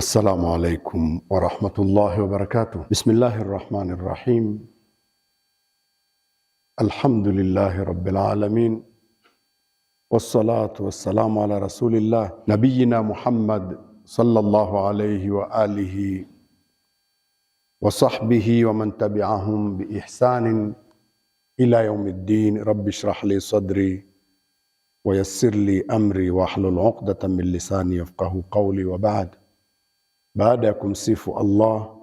السلام عليكم ورحمة الله وبركاته بسم الله الرحمن الرحيم الحمد لله رب العالمين والصلاة والسلام على رسول الله نبينا محمد صلى الله عليه وآله وصحبه ومن تبعهم بإحسان إلى يوم الدين رب اشرح لي صدري ويسر لي أمري واحلل عقدة من لساني يفقه قولي وبعد Baada ya kumsifu Allah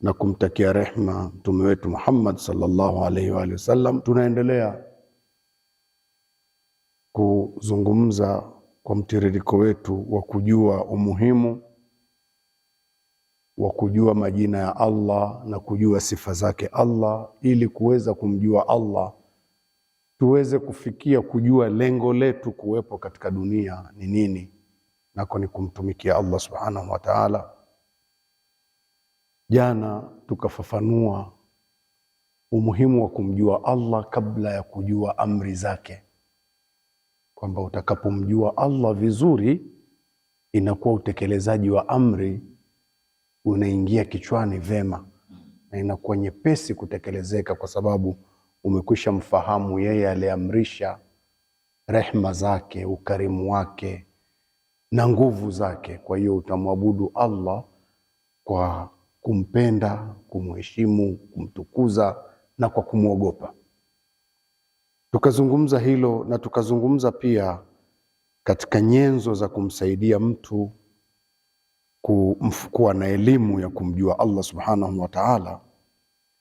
na kumtakia rehma mtume wetu Muhammad sallallahu alaihi wa alihi wasallam, tunaendelea kuzungumza kwa mtiririko wetu wa kujua umuhimu wa kujua majina ya Allah na kujua sifa zake Allah, ili kuweza kumjua Allah tuweze kufikia kujua lengo letu kuwepo katika dunia ni nini nako ni kumtumikia Allah subhanahu wa ta'ala. Jana tukafafanua umuhimu wa kumjua Allah kabla ya kujua amri zake, kwamba utakapomjua Allah vizuri inakuwa utekelezaji wa amri unaingia kichwani vema na inakuwa nyepesi kutekelezeka, kwa sababu umekwisha mfahamu yeye aliamrisha rehma zake, ukarimu wake na nguvu zake. Kwa hiyo utamwabudu Allah kwa kumpenda, kumheshimu, kumtukuza na kwa kumwogopa. Tukazungumza hilo na tukazungumza pia katika nyenzo za kumsaidia mtu kuwa na elimu ya kumjua Allah subhanahu wa ta'ala,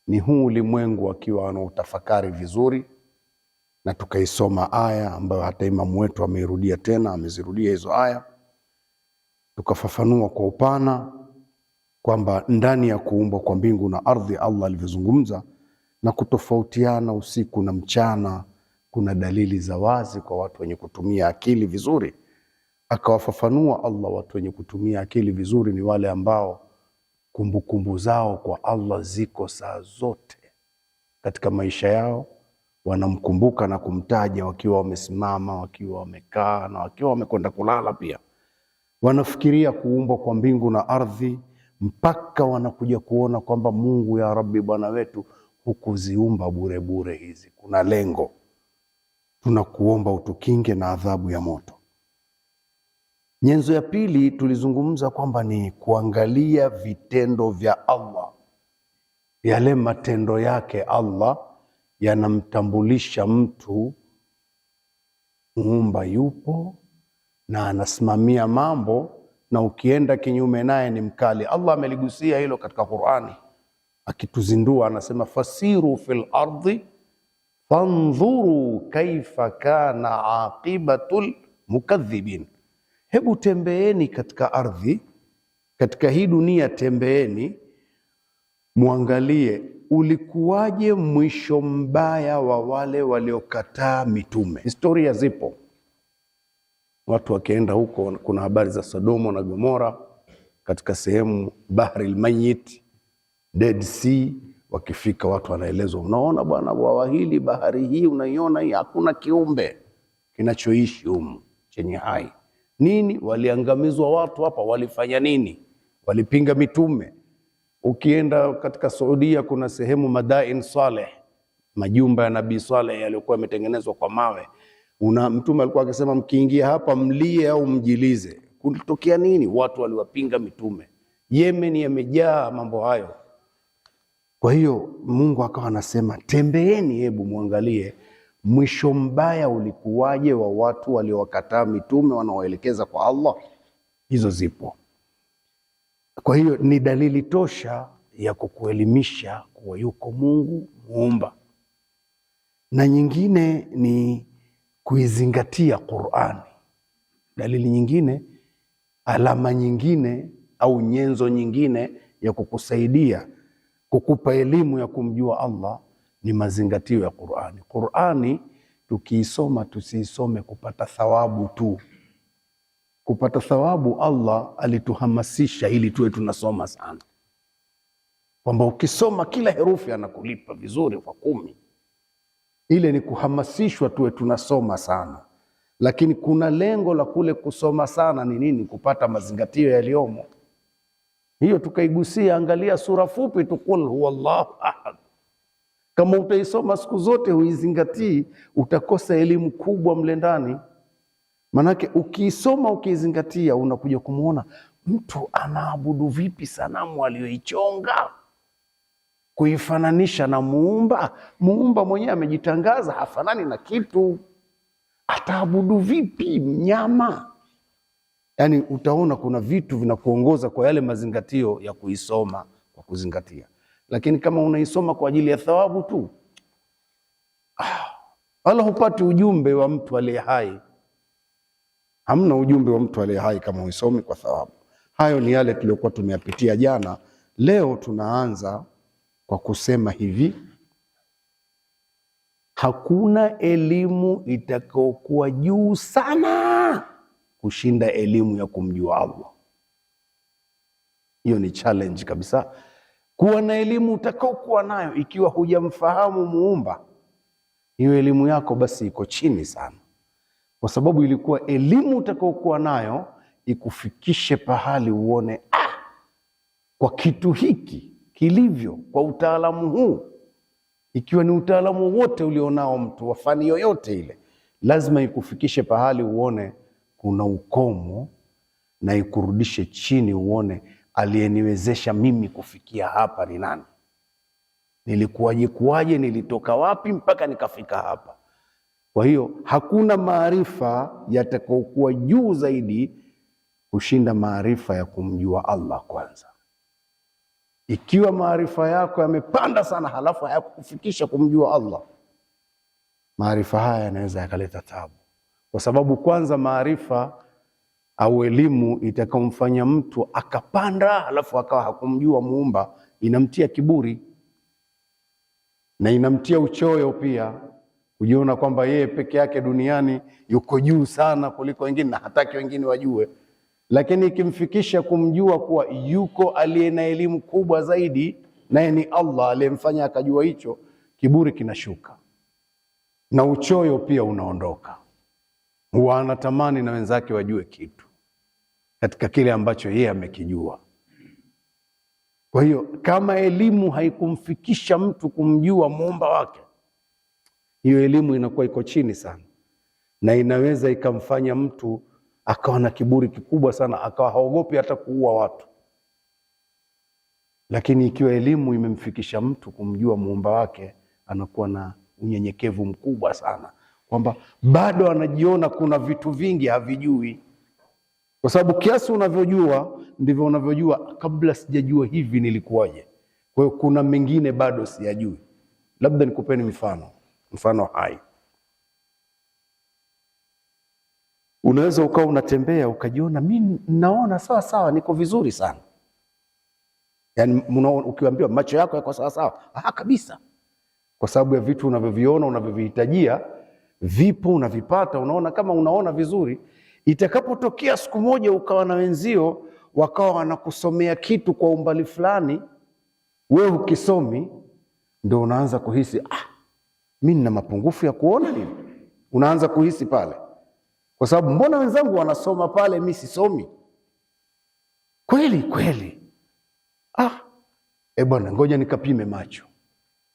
ni huu ulimwengu akiwa anautafakari vizuri, na tukaisoma aya ambayo hata imamu wetu ameirudia tena, amezirudia hizo aya tukafafanua kwa upana kwamba ndani ya kuumbwa kwa mbingu na ardhi Allah alivyozungumza na kutofautiana usiku na mchana, kuna dalili za wazi kwa watu wenye kutumia akili vizuri. Akawafafanua Allah watu wenye kutumia akili vizuri ni wale ambao kumbukumbu kumbu zao kwa Allah ziko saa zote katika maisha yao, wanamkumbuka na kumtaja wakiwa wamesimama, wakiwa wamekaa na wakiwa wamekwenda kulala pia wanafikiria kuumbwa kwa mbingu na ardhi mpaka wanakuja kuona kwamba Mungu ya Rabbi, Bwana wetu hukuziumba burebure hizi, kuna lengo. Tunakuomba utukinge na adhabu ya moto. Nyenzo ya pili tulizungumza kwamba ni kuangalia vitendo vya Allah, yale matendo yake Allah yanamtambulisha mtu muumba yupo na anasimamia mambo, na ukienda kinyume naye ni mkali. Allah ameligusia hilo katika Qur'ani akituzindua, anasema fasiru fil ardi fandhuru kaifa kana aqibatul mukadhibin, hebu tembeeni katika ardhi, katika hii dunia tembeeni, mwangalie ulikuwaje mwisho mbaya wa wale waliokataa mitume. Historia zipo watu wakienda huko, kuna habari za Sodoma na Gomora katika sehemu bahri lmayit Dead Sea. Wakifika watu wanaelezwa, unaona bwana, bwawa hili, bahari hii unaiona hii, hakuna kiumbe kinachoishi humu chenye hai. Nini waliangamizwa watu hapa, walifanya nini? Walipinga mitume. Ukienda katika Saudia kuna sehemu madain Saleh, majumba ya Nabii Saleh yaliyokuwa yametengenezwa kwa mawe una Mtume alikuwa akisema mkiingia hapa mlie au mjilize. Kulitokea nini? Watu waliwapinga mitume. Yemen yamejaa mambo hayo. Kwa hiyo Mungu akawa anasema tembeeni, hebu mwangalie mwisho mbaya ulikuwaje wa watu waliowakataa mitume wanaoelekeza kwa Allah. Hizo zipo. Kwa hiyo ni dalili tosha ya kukuelimisha kuwa yuko Mungu muumba, na nyingine ni kuizingatia Qur'ani. Dalili nyingine, alama nyingine au nyenzo nyingine ya kukusaidia kukupa elimu ya kumjua Allah ni mazingatio ya Qur'ani. Qur'ani tukiisoma, tusiisome kupata thawabu tu. Kupata thawabu, Allah alituhamasisha ili tuwe tunasoma sana, kwamba ukisoma kila herufi anakulipa vizuri kwa kumi ile ni kuhamasishwa tuwe tunasoma sana, lakini kuna lengo la kule kusoma sana ni nini? Kupata mazingatio yaliyomo. Hiyo tukaigusia. Angalia sura fupi tu, qul huwallahu ahad. Kama utaisoma siku zote huizingatii, utakosa elimu kubwa mle ndani. Manake ukiisoma ukiizingatia, unakuja kumwona mtu anaabudu vipi sanamu aliyoichonga kuifananisha na muumba. Muumba mwenyewe amejitangaza hafanani na kitu. Ataabudu vipi mnyama? Yaani utaona kuna vitu vinakuongoza kwa yale mazingatio ya kuisoma kwa kuzingatia, lakini kama unaisoma kwa ajili ya thawabu tu, ah, wala hupati ujumbe wa mtu aliye hai. Hamna ujumbe wa mtu aliye hai kama uisomi kwa thawabu. Hayo ni yale tuliyokuwa tumeyapitia jana. Leo tunaanza kwa kusema hivi, hakuna elimu itakayokuwa juu sana kushinda elimu ya kumjua Allah. Hiyo ni challenge kabisa, kuwa na elimu utakaokuwa nayo ikiwa hujamfahamu Muumba, hiyo elimu yako basi iko chini sana, kwa sababu ilikuwa elimu utakaokuwa nayo ikufikishe pahali uone ah, kwa kitu hiki kilivyo kwa utaalamu huu, ikiwa ni utaalamu wote ulionao mtu wa fani yoyote ile, lazima ikufikishe pahali uone kuna ukomo na ikurudishe chini, uone aliyeniwezesha mimi kufikia hapa ni nani, nilikuwaje, kuwaje, nilitoka wapi mpaka nikafika hapa. Kwa hiyo hakuna maarifa yatakaokuwa juu zaidi kushinda maarifa ya kumjua Allah kwanza. Ikiwa maarifa yako yamepanda sana, halafu hayakufikisha kumjua Allah, maarifa haya yanaweza yakaleta tabu, kwa sababu kwanza maarifa au elimu itakamfanya mtu akapanda, halafu akawa hakumjua Muumba, inamtia kiburi na inamtia uchoyo pia, kujiona kwamba yeye peke yake duniani yuko juu sana kuliko wengine na hataki wengine wajue lakini ikimfikisha kumjua kuwa yuko aliye na elimu kubwa zaidi, naye ni Allah aliyemfanya akajua hicho, kiburi kinashuka na uchoyo pia unaondoka. Huwa anatamani na wenzake wajue kitu katika kile ambacho yeye amekijua. Kwa hiyo kama elimu haikumfikisha mtu kumjua muumba wake, hiyo elimu inakuwa iko chini sana, na inaweza ikamfanya mtu akawa na kiburi kikubwa sana, akawa haogopi hata kuua watu. Lakini ikiwa elimu imemfikisha mtu kumjua muumba wake, anakuwa na unyenyekevu mkubwa sana, kwamba bado anajiona kuna vitu vingi havijui, kwa sababu kiasi unavyojua ndivyo unavyojua, kabla sijajua hivi nilikuwaje. Kwa hiyo kuna mengine bado siyajui. Labda nikupeni mifano, mfano hai Unaweza ukawa unatembea ukajiona mimi naona sawa sawa, niko vizuri sana, Yani ukiambiwa macho yako yako sawa sawa, ah, kabisa, kwa sababu ya vitu unavyoviona unavyovihitajia vipo unavipata, unaona kama unaona vizuri. Itakapotokea siku moja ukawa na wenzio wakawa wanakusomea kitu kwa umbali fulani, wewe ukisomi, ndo unaanza kuhisi ah, mi nina mapungufu ya kuona nini, unaanza kuhisi pale kwa sababu mbona wenzangu wanasoma pale, mi sisomi? Kweli kweli, ah, e bwana, ngoja nikapime macho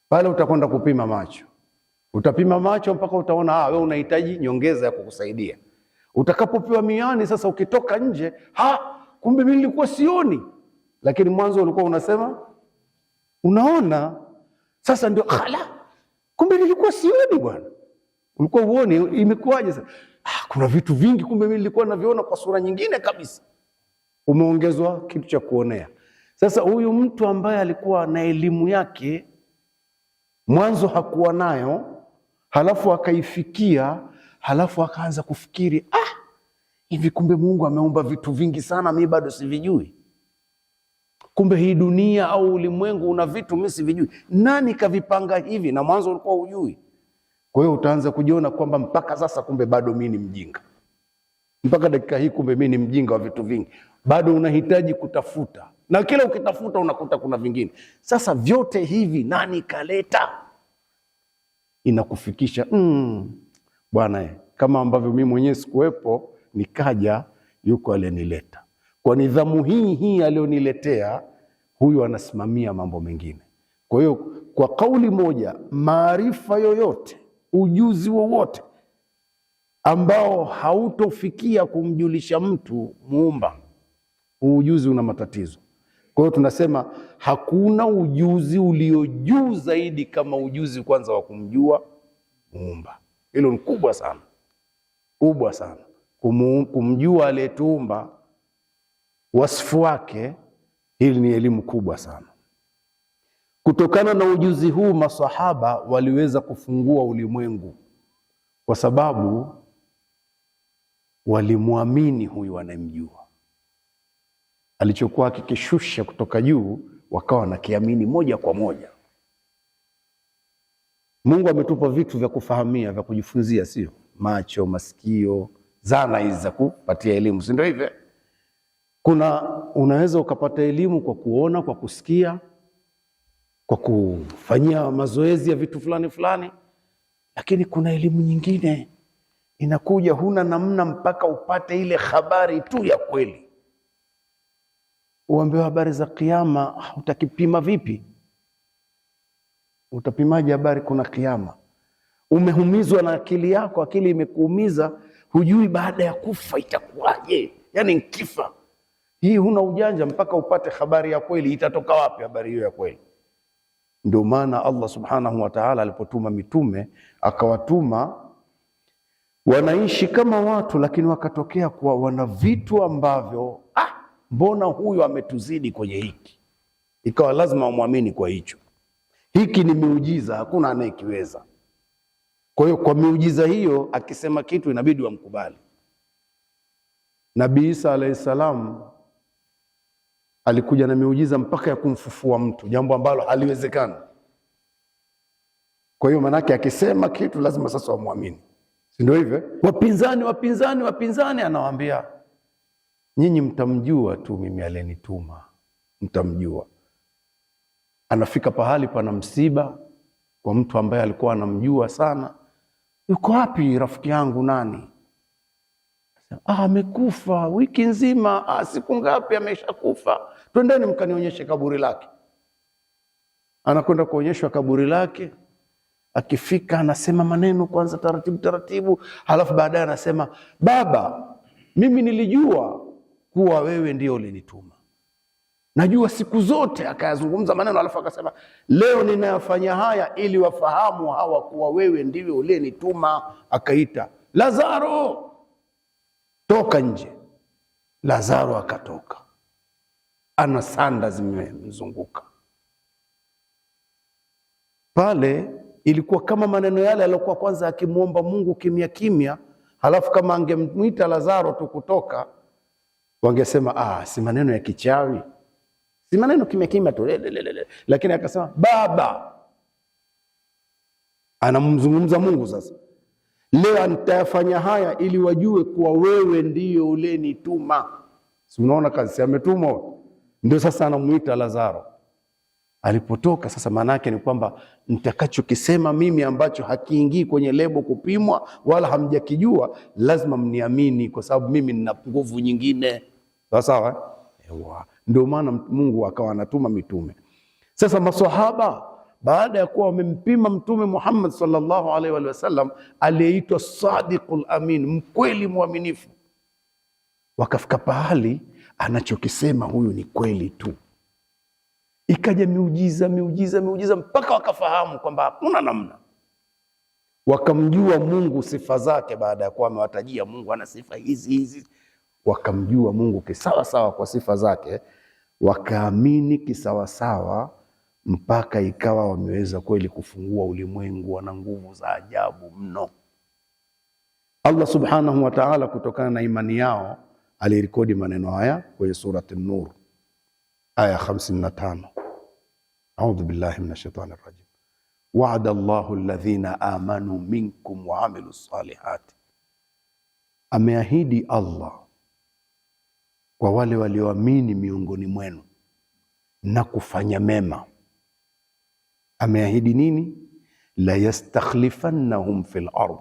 pale. Utakwenda kupima macho, utapima macho mpaka utaona ah, wewe unahitaji nyongeza ya kukusaidia. Utakapopewa miani sasa, ukitoka nje, ha, kumbe mi nilikuwa sioni, lakini mwanzo ulikuwa unasema unaona. Sasa ndio hala, ah, kumbe nilikuwa sioni bwana ulikuwa uone imekuwaje sasa. Ah, kuna vitu vingi kumbe mimi nilikuwa naviona kwa sura nyingine kabisa. Umeongezwa kitu cha kuonea. Sasa huyu mtu ambaye alikuwa na elimu yake mwanzo hakuwa nayo, halafu akaifikia, halafu akaanza kufikiri ah, hivi kumbe Mungu ameumba vitu vingi sana, mi bado sivijui. Kumbe hii dunia au ulimwengu una vitu mi sivijui. Nani kavipanga hivi? Na mwanzo ulikuwa ujui kwa hiyo utaanza kujiona kwamba mpaka sasa, kumbe bado mi ni mjinga, mpaka dakika hii, kumbe mi ni mjinga wa vitu vingi. Bado unahitaji kutafuta, na kila ukitafuta unakuta kuna vingine. Sasa vyote hivi nani kaleta? Inakufikisha mm, bwana, kama ambavyo mi mwenyewe sikuwepo, nikaja, yuko aliyenileta. Kwa nidhamu hii hii aliyoniletea huyu, anasimamia mambo mengine. Kwa hiyo, kwa kauli moja, maarifa yoyote ujuzi wowote ambao hautofikia kumjulisha mtu muumba, huu ujuzi una matatizo. Kwa hiyo tunasema hakuna ujuzi ulio juu zaidi kama ujuzi kwanza wa kumjua muumba. Hilo ni kubwa sana, kubwa sana, kumjua aliyetuumba, wasifu wake. Hili ni elimu kubwa sana. Kutokana na ujuzi huu masahaba waliweza kufungua ulimwengu, kwa sababu walimwamini huyu anayemjua. Alichokuwa akikishusha kutoka juu, wakawa wanakiamini moja kwa moja. Mungu ametupa vitu vya kufahamia, vya kujifunzia, sio macho, masikio, zana hizi za kupatia elimu, si ndio? Hivyo kuna unaweza ukapata elimu kwa kuona, kwa kusikia kwa kufanyia mazoezi ya vitu fulani fulani, lakini kuna elimu nyingine inakuja, huna namna mpaka upate ile habari tu ya kweli. Uambiwa habari za kiama utakipima vipi? Utapimaje habari kuna kiama? Umehumizwa na akili yako, akili imekuumiza, hujui baada ya kufa itakuwaje, yani nkifa hii. Huna ujanja mpaka upate habari ya kweli. Itatoka wapi habari hiyo ya kweli? Ndio maana Allah subhanahu wa ta'ala alipotuma mitume akawatuma wanaishi kama watu, lakini wakatokea kuwa wana vitu ambavyo ah, mbona huyu ametuzidi kwenye hiki, ikawa lazima wamwamini kwa hicho. Hiki ni miujiza, hakuna anayekiweza. Kwa hiyo kwa miujiza hiyo akisema kitu inabidi wamkubali. Nabii Isa alayhi salam alikuja na miujiza mpaka ya kumfufua mtu, jambo ambalo haliwezekani. Kwa hiyo manake akisema kitu lazima sasa wamwamini, si ndio hivyo? Wapinzani, wapinzani, wapinzani, anawaambia nyinyi mtamjua tu, mimi aliyenituma mtamjua. Anafika pahali pana msiba kwa mtu ambaye alikuwa anamjua sana. Yuko wapi rafiki yangu nani? Ah, amekufa wiki nzima. Ah, siku ngapi ameshakufa? Twendeni mkanionyeshe kaburi lake. Anakwenda kuonyeshwa kaburi lake. Akifika anasema maneno kwanza taratibu taratibu, halafu baadaye anasema baba, mimi nilijua kuwa wewe ndio ulinituma, najua siku zote. Akayazungumza maneno halafu akasema leo ninayofanya haya ili wafahamu hawa kuwa wewe ndiwe uliyenituma. Akaita Lazaro toka nje. Lazaro akatoka, ana sanda zimemzunguka pale. Ilikuwa kama maneno yale aliyokuwa kwanza akimwomba Mungu kimya kimya, halafu kama angemwita Lazaro tu kutoka, wangesema ah, si maneno ya kichawi, si maneno kimya kimya tu, lakini akasema Baba, anamzungumza Mungu sasa Leo nitayafanya haya ili wajue kuwa wewe ndiyo ulenituma. Si unaona kazi ametumwa, ndio sasa anamuita Lazaro alipotoka. Sasa maana yake ni kwamba nitakachokisema mimi ambacho hakiingii kwenye lebo kupimwa wala hamjakijua, lazima mniamini, kwa sababu mimi nina nguvu nyingine. Sawa sawa, eh? ndio maana Mungu akawa anatuma mitume. Sasa maswahaba baada ya kuwa wamempima Mtume Muhammad sallallahu alaihi sallam aliyeitwa Sadiqul Amin, mkweli mwaminifu, wakafika pahali anachokisema huyu ni kweli tu. Ikaja miujiza miujiza miujiza mpaka wakafahamu kwamba hakuna namna, wakamjua Mungu sifa zake. Baada ya kuwa amewatajia Mungu ana sifa hizi hizi, wakamjua Mungu kisawasawa kwa sifa zake, wakaamini kisawasawa mpaka ikawa wameweza kweli kufungua ulimwengu, wana nguvu za ajabu mno. Allah subhanahu wa ta'ala, kutokana na imani yao alirekodi maneno haya kwenye surati An-Nur aya 55, a'udhu billahi minash shaitani rajim, wa'ada Allahu alladhina amanu minkum wa amilu salihati, ameahidi Allah kwa wale walioamini miongoni mwenu na kufanya mema Ameahidi nini? la yastakhlifannahum fil ard,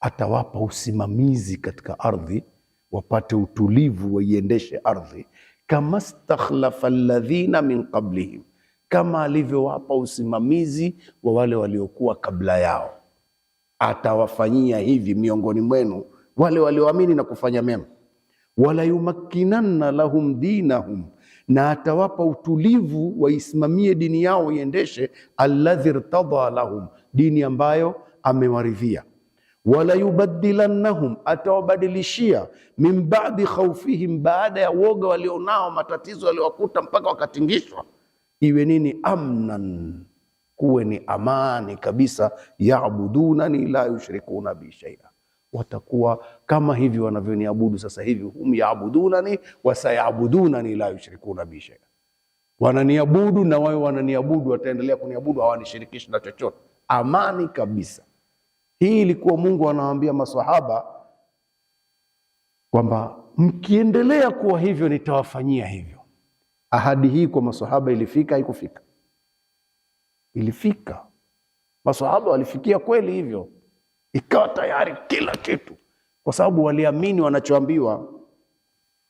atawapa usimamizi katika ardhi, wapate utulivu, waiendeshe ardhi kama stakhlafa alladhina min qablihim, kama alivyowapa usimamizi wa wale waliokuwa kabla yao. Atawafanyia hivi miongoni mwenu wale walioamini na kufanya mema. yumakkinanna lahum dinahum na atawapa utulivu waisimamie dini yao iendeshe, alladhi irtada lahum, dini ambayo amewaridhia. Wala yubaddilannahum, atawabadilishia min ba'di khaufihim, baada ya woga walionao, matatizo yaliowakuta mpaka wakatingishwa, iwe nini? Amnan, kuwe ni amani kabisa. Yabudunani la yushrikuna bi shay'a watakuwa kama hivi wanavyoniabudu sasa hivi, hum yaabudunani wasayabudunani la yushrikuna bi shay, wananiabudu na wao wananiabudu, wataendelea kuniabudu, hawanishirikishi na chochote. Amani kabisa. Hii ilikuwa Mungu anawaambia maswahaba kwamba mkiendelea kuwa hivyo nitawafanyia hivyo. Ahadi hii kwa maswahaba ilifika? Haikufika? Ilifika. Maswahaba walifikia kweli hivyo ikawa tayari kila kitu, kwa sababu waliamini wanachoambiwa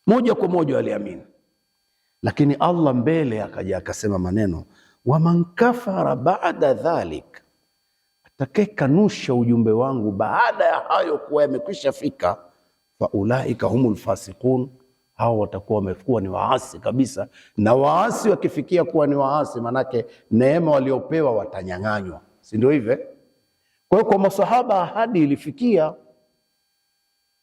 moja kwa moja, waliamini. Lakini Allah mbele akaja akasema maneno, waman kafara baada dhalik, atakayekanusha ujumbe wangu baada ya hayo kuwa yamekwisha fika, fa ulaika humul fasiqun, hao watakuwa wamekuwa ni waasi kabisa. Na waasi wakifikia kuwa ni waasi, manake neema waliopewa watanyang'anywa, si ndio hivyo? Kwa hiyo kwa masahaba ahadi ilifikia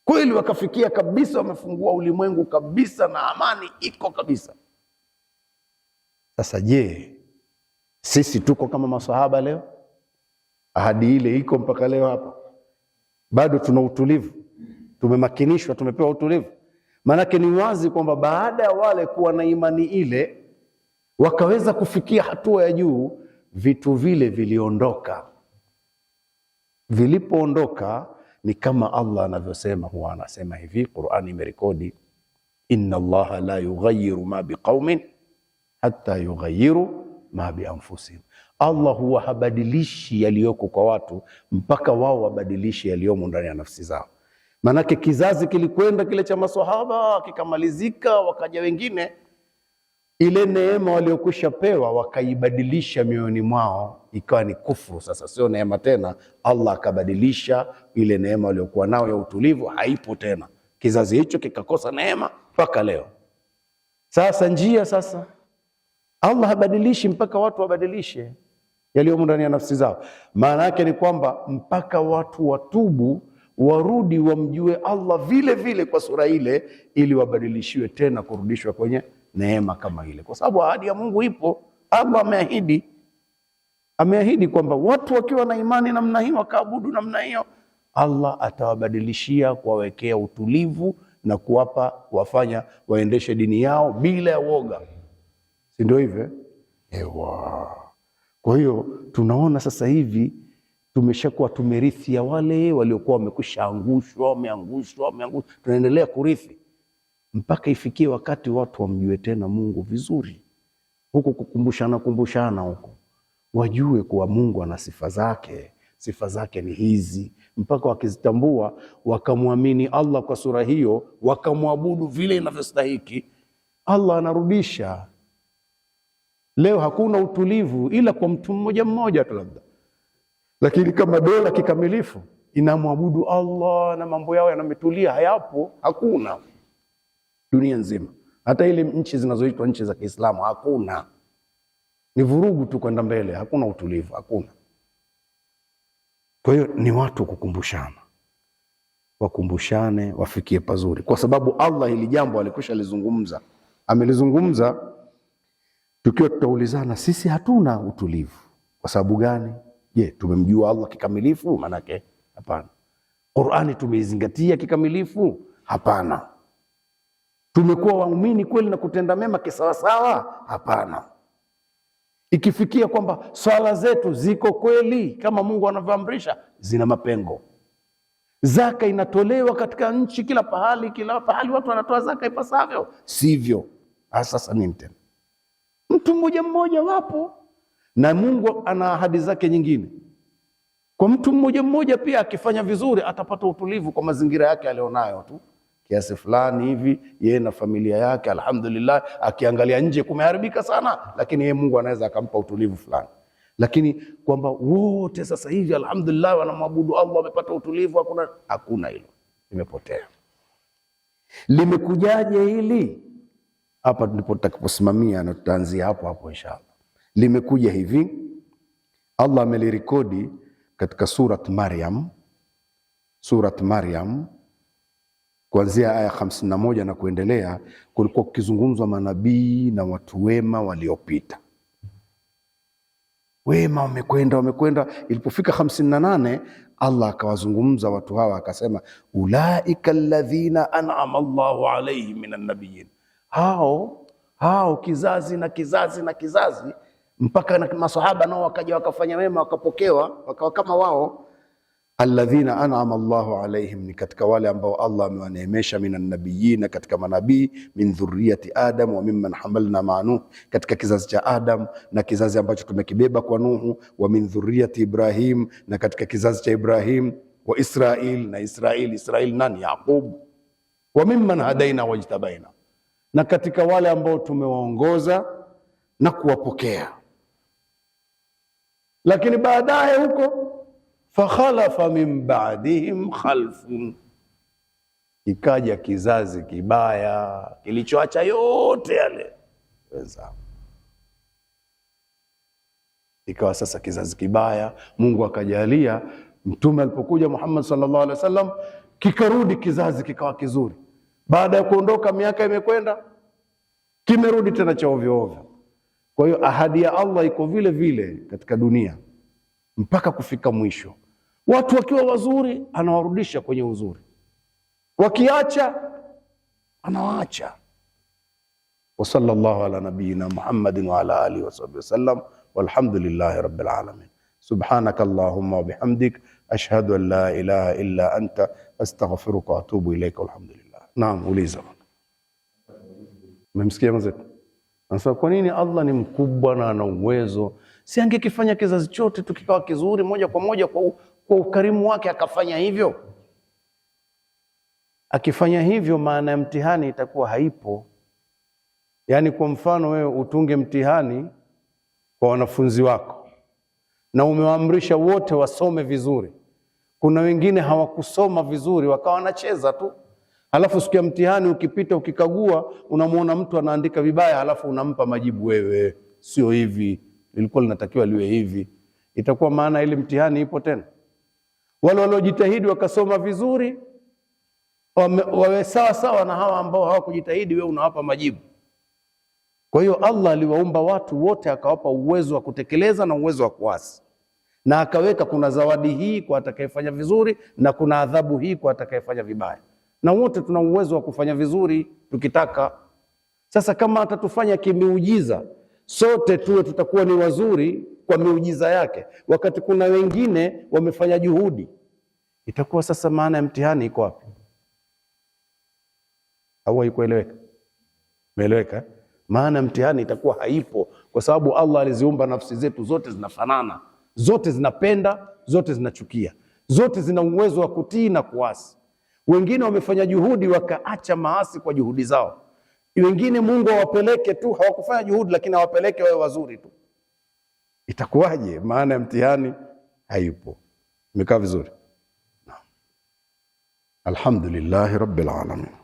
kweli, wakafikia kabisa, wamefungua ulimwengu kabisa na amani iko kabisa. Sasa je, sisi tuko kama masahaba leo? Ahadi ile iko mpaka leo hapa? Bado tuna utulivu? Tumemakinishwa? Tumepewa utulivu? Maanake ni wazi kwamba baada ya wale kuwa na imani ile wakaweza kufikia hatua ya juu, vitu vile viliondoka vilipoondoka ni kama Allah anavyosema, huwa anasema hivi, Qur'ani imerekodi, inna Allaha la yughayyiru ma biqaumin hatta yughayyiru ma bi anfusihim, Allah huwa habadilishi yaliyoko kwa watu mpaka wao wabadilishi yaliyomo ndani ya nafsi zao. Maanake kizazi kilikwenda kile cha maswahaba kikamalizika, wakaja wengine ile neema waliokwisha pewa wakaibadilisha mioyoni mwao ikawa ni kufuru. Sasa sio neema tena, Allah akabadilisha ile neema waliokuwa nao ya utulivu, haipo tena. Kizazi hicho kikakosa neema mpaka leo. Sasa njia sasa, Allah habadilishi mpaka watu wabadilishe yaliyomo ndani ya nafsi zao. Maana yake ni kwamba mpaka watu watubu warudi wamjue Allah vile vile kwa sura ile, ili wabadilishiwe tena kurudishwa kwenye neema kama ile, kwa sababu ahadi ya Mungu ipo. Allah ameahidi, ameahidi kwamba watu wakiwa na imani namna hii, wakaabudu namna hiyo, Allah atawabadilishia kuwawekea utulivu na kuwapa kuwafanya waendeshe dini yao bila ya woga, si ndio hivyo? Ewa, kwa hiyo tunaona sasa hivi tumeshakuwa tumerithi ya wale waliokuwa wamekwisha angushwa, wameangushwa, wameangushwa. Tunaendelea kurithi mpaka ifikie wakati watu wamjue tena Mungu vizuri, huku kukumbushana kumbushana huko, wajue kuwa Mungu ana sifa zake, sifa zake ni hizi, mpaka wakizitambua wakamwamini Allah kwa sura hiyo, wakamwabudu vile inavyostahiki. Allah anarudisha. Leo hakuna utulivu ila kwa mtu mmoja mmoja tu labda lakini kama dola kikamilifu inamwabudu Allah na mambo yao yanametulia, hayapo, hakuna dunia nzima, hata ile nchi zinazoitwa nchi za Kiislamu hakuna. Ni vurugu tu kwenda mbele, hakuna utulivu, hakuna. Kwa hiyo ni watu kukumbushana, wakumbushane, wafikie pazuri, kwa sababu Allah hili jambo alikwisha lizungumza, amelizungumza tukiwa tutaulizana sisi hatuna utulivu. Kwa sababu gani? Je, tumemjua Allah kikamilifu? Maanake hapana. Qurani tumeizingatia kikamilifu? Hapana. Tumekuwa waumini kweli na kutenda mema kisawasawa? Hapana. Ikifikia kwamba swala zetu ziko kweli kama Mungu anavyoamrisha, zina mapengo. Zaka inatolewa katika nchi kila pahali, kila pahali watu wanatoa zaka ipasavyo, sivyo? Ah, sasa nini tena? Mtu mmoja mmoja wapo na Mungu ana ahadi zake nyingine kwa mtu mmoja mmoja. Pia akifanya vizuri atapata utulivu kwa mazingira yake alionayo tu, kiasi fulani hivi yeye na familia yake, alhamdulillah. Akiangalia nje kumeharibika sana, lakini yeye Mungu anaweza akampa utulivu fulani lakini kwamba wote sasa hivi alhamdulillah wanamwabudu Allah wamepata utulivu, hakuna hakuna, hilo limepotea. Limekujaje hili? Hapa ndipo tutakaposimamia na tutaanzia hapo hapo inshallah limekuja hivi. Allah amelirekodi katika surat Maryam, surat Maryam kuanzia aya hamsini na moja na kuendelea, kulikuwa kukizungumzwa manabii na watu wema waliopita. Wema wamekwenda wamekwenda, ilipofika hamsini na nane Allah akawazungumza watu hawa akasema, ulaika alladhina an'ama Allahu alaihim minan nabiyin, hao hao kizazi na kizazi na kizazi mpaka na masahaba nao wakaja wakafanya mema wakapokewa wakawa kama wao. Alladhina an'ama Allahu alaihim, ni katika wale ambao Allah amewaneemesha, minan nabiyina, katika manabii, min dhurriyati Adam wa mimman hamalna ma Nuh, katika kizazi cha Adam na kizazi ambacho tumekibeba kwa Nuhu, wa min dhurriyati Ibrahim, na katika kizazi cha Ibrahim, wa Israil na Israil. Israil nani? Yaqub. Wa mimman hadaina wajtabaina, na katika wale ambao tumewaongoza na kuwapokea lakini baadaye huko fakhalafa min baadihim khalfun, ikaja kizazi kibaya kilichoacha yote yale wenzao. Ikawa sasa kizazi kibaya, Mungu akajalia mtume alipokuja Muhammad sallallahu alaihi wasallam, kikarudi kizazi kikawa kizuri. Baada ya kuondoka, miaka imekwenda, kimerudi tena cha ovyo ovyo. Kwa hiyo ahadi ya Allah iko vile vile katika dunia mpaka kufika mwisho. Watu wakiwa wazuri, anawarudisha kwenye uzuri, wakiacha, anawaacha. Wa sallallahu ala nabiyyina Muhammadin wa ala alihi wa sahbihi wasallam, walhamdulillahi rabbil alamin. Subhanaka allahumma wa bihamdik ashhadu an la ilaha illa anta astaghfiruka wa atubu ilaika. Walhamdulillah. Naam, uliza. Umemsikia mzee? Anasema kwa nini Allah ni mkubwa na ana uwezo? Si angekifanya kizazi chote tu kikawa kizuri moja kwa moja kwa, u, kwa ukarimu wake akafanya hivyo. Akifanya hivyo, maana ya mtihani itakuwa haipo. Yaani, kwa mfano wewe utunge mtihani kwa wanafunzi wako na umewaamrisha wote wasome vizuri, kuna wengine hawakusoma vizuri, wakawa wanacheza tu. Halafu siku ya mtihani ukipita, ukikagua, unamwona mtu anaandika vibaya, halafu unampa majibu wewe, sio hivi, ilikuwa linatakiwa liwe hivi, itakuwa maana ile mtihani ipo tena? Wale waliojitahidi wakasoma vizuri wawe sawa sawa na hawa ambao hawakujitahidi, wewe unawapa majibu. Kwa hiyo Allah aliwaumba watu wote akawapa uwezo wa kutekeleza na uwezo wa kuasi, na akaweka kuna zawadi hii kwa atakayefanya vizuri na kuna adhabu hii kwa atakayefanya vibaya na wote tuna uwezo wa kufanya vizuri tukitaka. Sasa kama atatufanya kimiujiza, sote tuwe tutakuwa ni wazuri kwa miujiza yake, wakati kuna wengine wamefanya juhudi, itakuwa sasa maana ya mtihani iko wapi? Au haikueleweka? Imeeleweka? Eh? Maana mtihani itakuwa haipo, kwa sababu Allah aliziumba nafsi zetu zote zinafanana, zote zinapenda, zote zinachukia, zote zina uwezo wa kutii na kuasi. Wengine wamefanya juhudi wakaacha maasi kwa juhudi zao. Wengine Mungu awapeleke tu, hawakufanya juhudi, lakini awapeleke wawe wazuri tu. Itakuwaje? Maana ya mtihani haipo. Imekaa vizuri? Alhamdulillahi rabbil alamin.